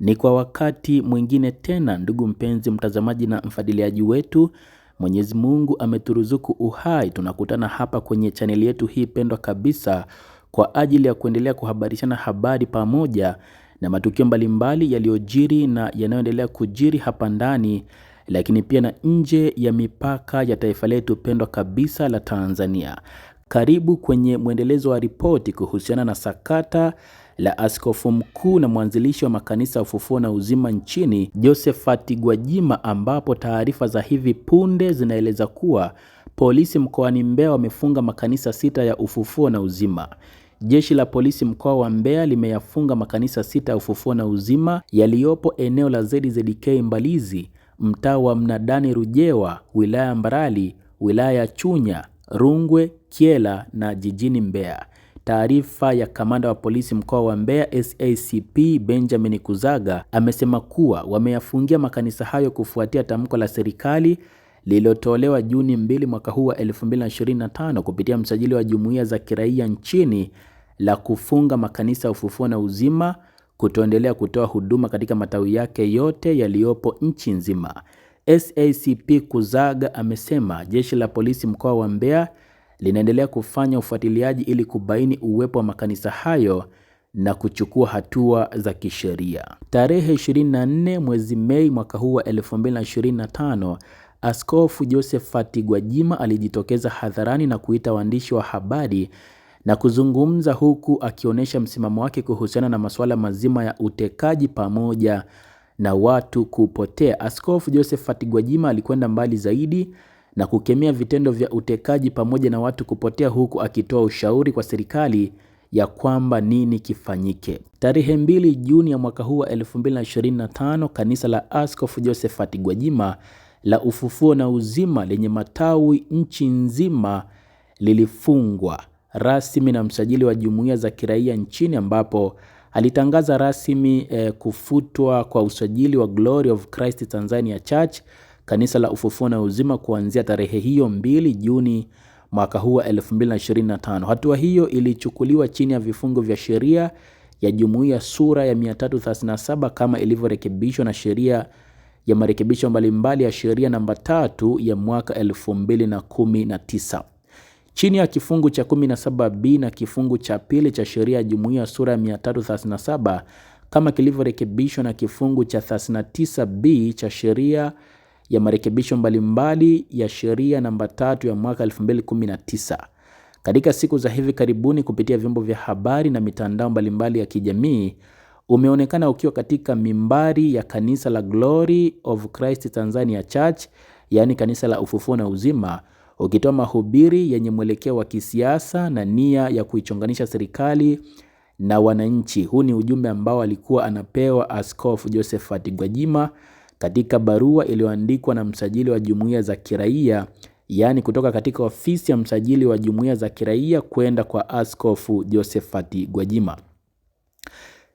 Ni kwa wakati mwingine tena, ndugu mpenzi mtazamaji na mfadiliaji wetu. Mwenyezi Mungu ameturuzuku uhai, tunakutana hapa kwenye chaneli yetu hii pendwa kabisa kwa ajili ya kuendelea kuhabarishana habari pamoja na matukio mbalimbali yaliyojiri na yanayoendelea kujiri hapa ndani lakini pia na nje ya mipaka ya taifa letu pendwa kabisa la Tanzania. Karibu kwenye mwendelezo wa ripoti kuhusiana na sakata la askofu mkuu na mwanzilishi wa makanisa ya ufufuo na uzima nchini Josephat Gwajima, ambapo taarifa za hivi punde zinaeleza kuwa polisi mkoani Mbeya wamefunga makanisa sita ya ufufuo na uzima. Jeshi la polisi mkoa wa Mbeya limeyafunga makanisa sita ya ufufuo na uzima yaliyopo eneo la ZZK Mbalizi, mtaa wa Mnadani Rujewa, wilaya Mbarali, wilaya ya Chunya, Rungwe, Kyela na jijini Mbeya. Taarifa ya kamanda wa polisi mkoa wa Mbeya SACP Benjamin Kuzaga amesema kuwa wameyafungia makanisa hayo kufuatia tamko la serikali lililotolewa Juni 2 mwaka huu wa 2025 kupitia msajili wa jumuiya za kiraia nchini la kufunga makanisa ya Ufufuo na Uzima kutoendelea kutoa huduma katika matawi yake yote yaliyopo nchi nzima. SACP Kuzaga amesema jeshi la polisi mkoa wa Mbeya linaendelea kufanya ufuatiliaji ili kubaini uwepo wa makanisa hayo na kuchukua hatua za kisheria. Tarehe 24 mwezi Mei mwaka huu wa 2025, Askofu Josephat Gwajima alijitokeza hadharani na kuita waandishi wa habari na kuzungumza huku akionyesha msimamo wake kuhusiana na masuala mazima ya utekaji pamoja na watu kupotea. Askofu Josephat Gwajima alikwenda mbali zaidi na kukemea vitendo vya utekaji pamoja na watu kupotea huku akitoa ushauri kwa serikali ya kwamba nini kifanyike. Tarehe mbili Juni ya mwaka huu wa 2025, kanisa la Askofu Josephat Gwajima la Ufufuo na Uzima lenye matawi nchi nzima lilifungwa rasmi na msajili wa jumuiya za kiraia nchini ambapo alitangaza rasmi eh, kufutwa kwa usajili wa Glory of Christ Tanzania Church Kanisa la Ufufuo na Uzima kuanzia tarehe hiyo mbili Juni mwaka huu wa 2025. Hatua hiyo ilichukuliwa chini ya vifungu vya sheria ya jumuiya sura ya 337 kama ilivyorekebishwa na sheria ya marekebisho mbalimbali ya sheria namba tatu ya mwaka 2019. Chini ya kifungu cha 17b na kifungu cha pili cha sheria ya jumuiya sura ya 337 kama kilivyorekebishwa na kifungu cha 39b cha sheria ya marekebisho mbalimbali ya sheria namba tatu ya mwaka 2019. Katika siku za hivi karibuni, kupitia vyombo vya habari na mitandao mbalimbali ya kijamii, umeonekana ukiwa katika mimbari ya kanisa la Glory of Christ Tanzania Church, yaani kanisa la ufufuo na uzima, ukitoa mahubiri yenye mwelekeo wa kisiasa na nia ya kuichonganisha serikali na wananchi. Huu ni ujumbe ambao alikuwa anapewa Askofu Josephat Gwajima katika barua iliyoandikwa na msajili wa jumuiya za kiraia, yaani kutoka katika ofisi ya msajili wa jumuiya za kiraia kwenda kwa Askofu Josephat Gwajima.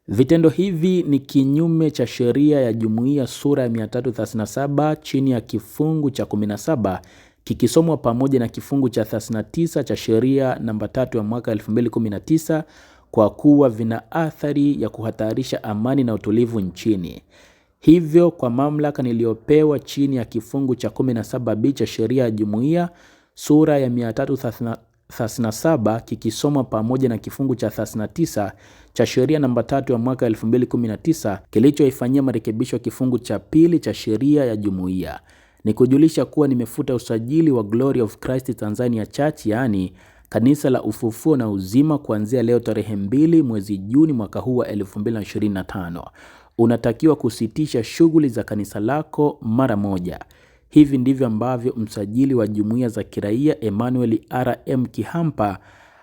Vitendo hivi ni kinyume cha sheria ya jumuiya sura ya 337 chini ya kifungu cha 17 kikisomwa pamoja na kifungu cha 39 cha sheria namba 3 ya mwaka 2019 kwa kuwa vina athari ya kuhatarisha amani na utulivu nchini. Hivyo kwa mamlaka niliyopewa chini ya kifungu cha 17b cha sheria ya jumuiya sura ya 337 kikisomwa pamoja na kifungu cha 39 cha sheria namba 3 ya mwaka 2019 kilichoifanyia marekebisho kifungu cha pili cha sheria ya jumuiya ni kujulisha kuwa nimefuta usajili wa Glory of Christ Tanzania Church, yaani kanisa la ufufuo na uzima kuanzia leo tarehe 2 mwezi Juni mwaka huu wa 2025 unatakiwa kusitisha shughuli za kanisa lako mara moja. Hivi ndivyo ambavyo msajili wa jumuiya za kiraia Emmanuel RM Kihampa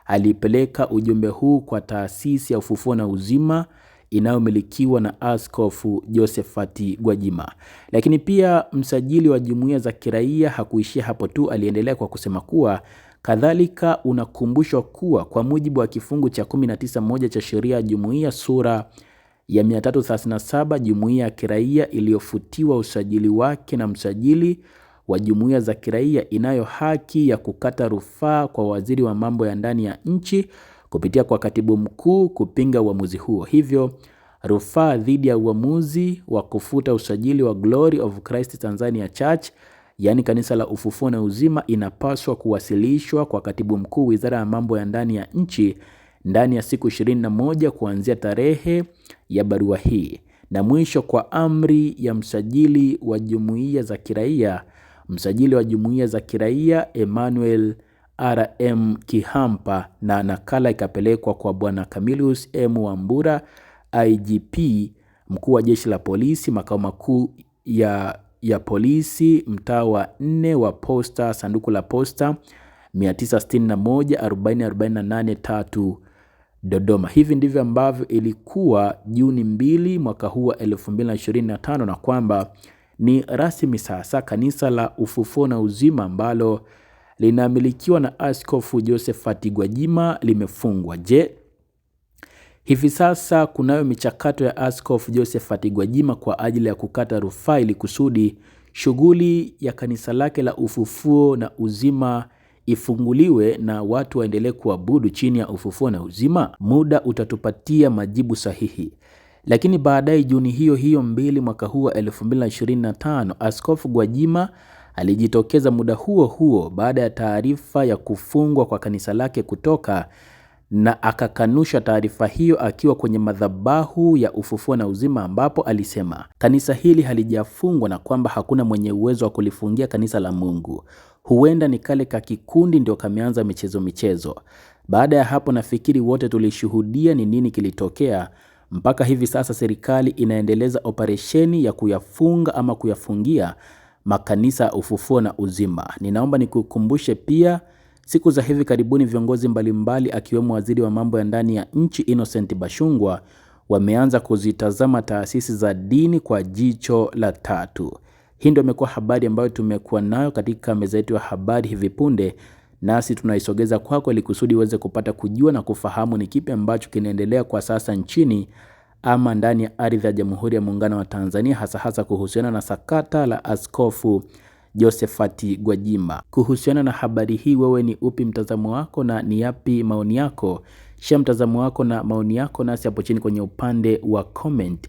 alipeleka ujumbe huu kwa taasisi ya Ufufuo na Uzima inayomilikiwa na Askofu Josephat Gwajima. Lakini pia msajili wa jumuiya za kiraia hakuishia hapo tu, aliendelea kwa kusema kuwa kadhalika unakumbushwa kuwa kwa mujibu wa kifungu cha 19 moja cha sheria ya jumuiya sura ya 337 jumuiya ya kiraia iliyofutiwa usajili wake na msajili wa jumuiya za kiraia inayo haki ya kukata rufaa kwa waziri wa mambo ya ndani ya nchi kupitia kwa katibu mkuu kupinga uamuzi huo. Hivyo, rufaa dhidi ya uamuzi wa kufuta usajili wa Glory of Christ Tanzania Church, yaani kanisa la ufufuo na uzima, inapaswa kuwasilishwa kwa katibu mkuu, wizara ya mambo ya ndani ya nchi ndani ya siku 21 kuanzia tarehe ya barua hii na mwisho kwa amri ya msajili wa jumuiya za kiraia msajili wa jumuiya za kiraia Emmanuel RM Kihampa na nakala ikapelekwa kwa Bwana Camillus M Wambura IGP mkuu wa jeshi la polisi makao makuu ya, ya polisi mtaa wa nne wa posta sanduku la posta 961 Dodoma. Hivi ndivyo ambavyo ilikuwa Juni mbili mwaka huu wa 2025 na kwamba ni rasmi sasa kanisa la Ufufuo na Uzima ambalo linamilikiwa na Askofu Josephat Gwajima limefungwa. Je, hivi sasa kunayo michakato ya Askofu Josephat Gwajima kwa ajili ya kukata rufaa ili kusudi shughuli ya kanisa lake la Ufufuo na Uzima ifunguliwe na watu waendelee kuabudu chini ya ufufuo na uzima? Muda utatupatia majibu sahihi. Lakini baadaye Juni hiyo hiyo mbili mwaka huu wa 2025 Askofu Gwajima alijitokeza muda huo huo baada ya taarifa ya kufungwa kwa kanisa lake kutoka na akakanusha taarifa hiyo akiwa kwenye madhabahu ya ufufuo na uzima, ambapo alisema kanisa hili halijafungwa na kwamba hakuna mwenye uwezo wa kulifungia kanisa la Mungu huenda ni kale ka kikundi ndio kameanza michezo michezo. Baada ya hapo, nafikiri wote tulishuhudia ni nini kilitokea. Mpaka hivi sasa serikali inaendeleza operesheni ya kuyafunga ama kuyafungia makanisa ya ufufuo na uzima. Ninaomba nikukumbushe pia siku za hivi karibuni viongozi mbalimbali akiwemo waziri wa mambo ya ndani ya nchi Innocent Bashungwa wameanza kuzitazama taasisi za dini kwa jicho la tatu. Hii ndio imekuwa habari ambayo tumekuwa nayo katika meza yetu ya habari hivi punde, nasi tunaisogeza kwako ili kusudi uweze kupata kujua na kufahamu ni kipi ambacho kinaendelea kwa sasa nchini ama ndani ya ardhi ya Jamhuri ya Muungano wa Tanzania, hasa hasa kuhusiana na sakata la Askofu Josephat Gwajima. Kuhusiana na habari hii, wewe ni upi mtazamo wako na ni yapi maoni yako? Shia mtazamo wako na maoni yako nasi hapo chini kwenye upande wa comment.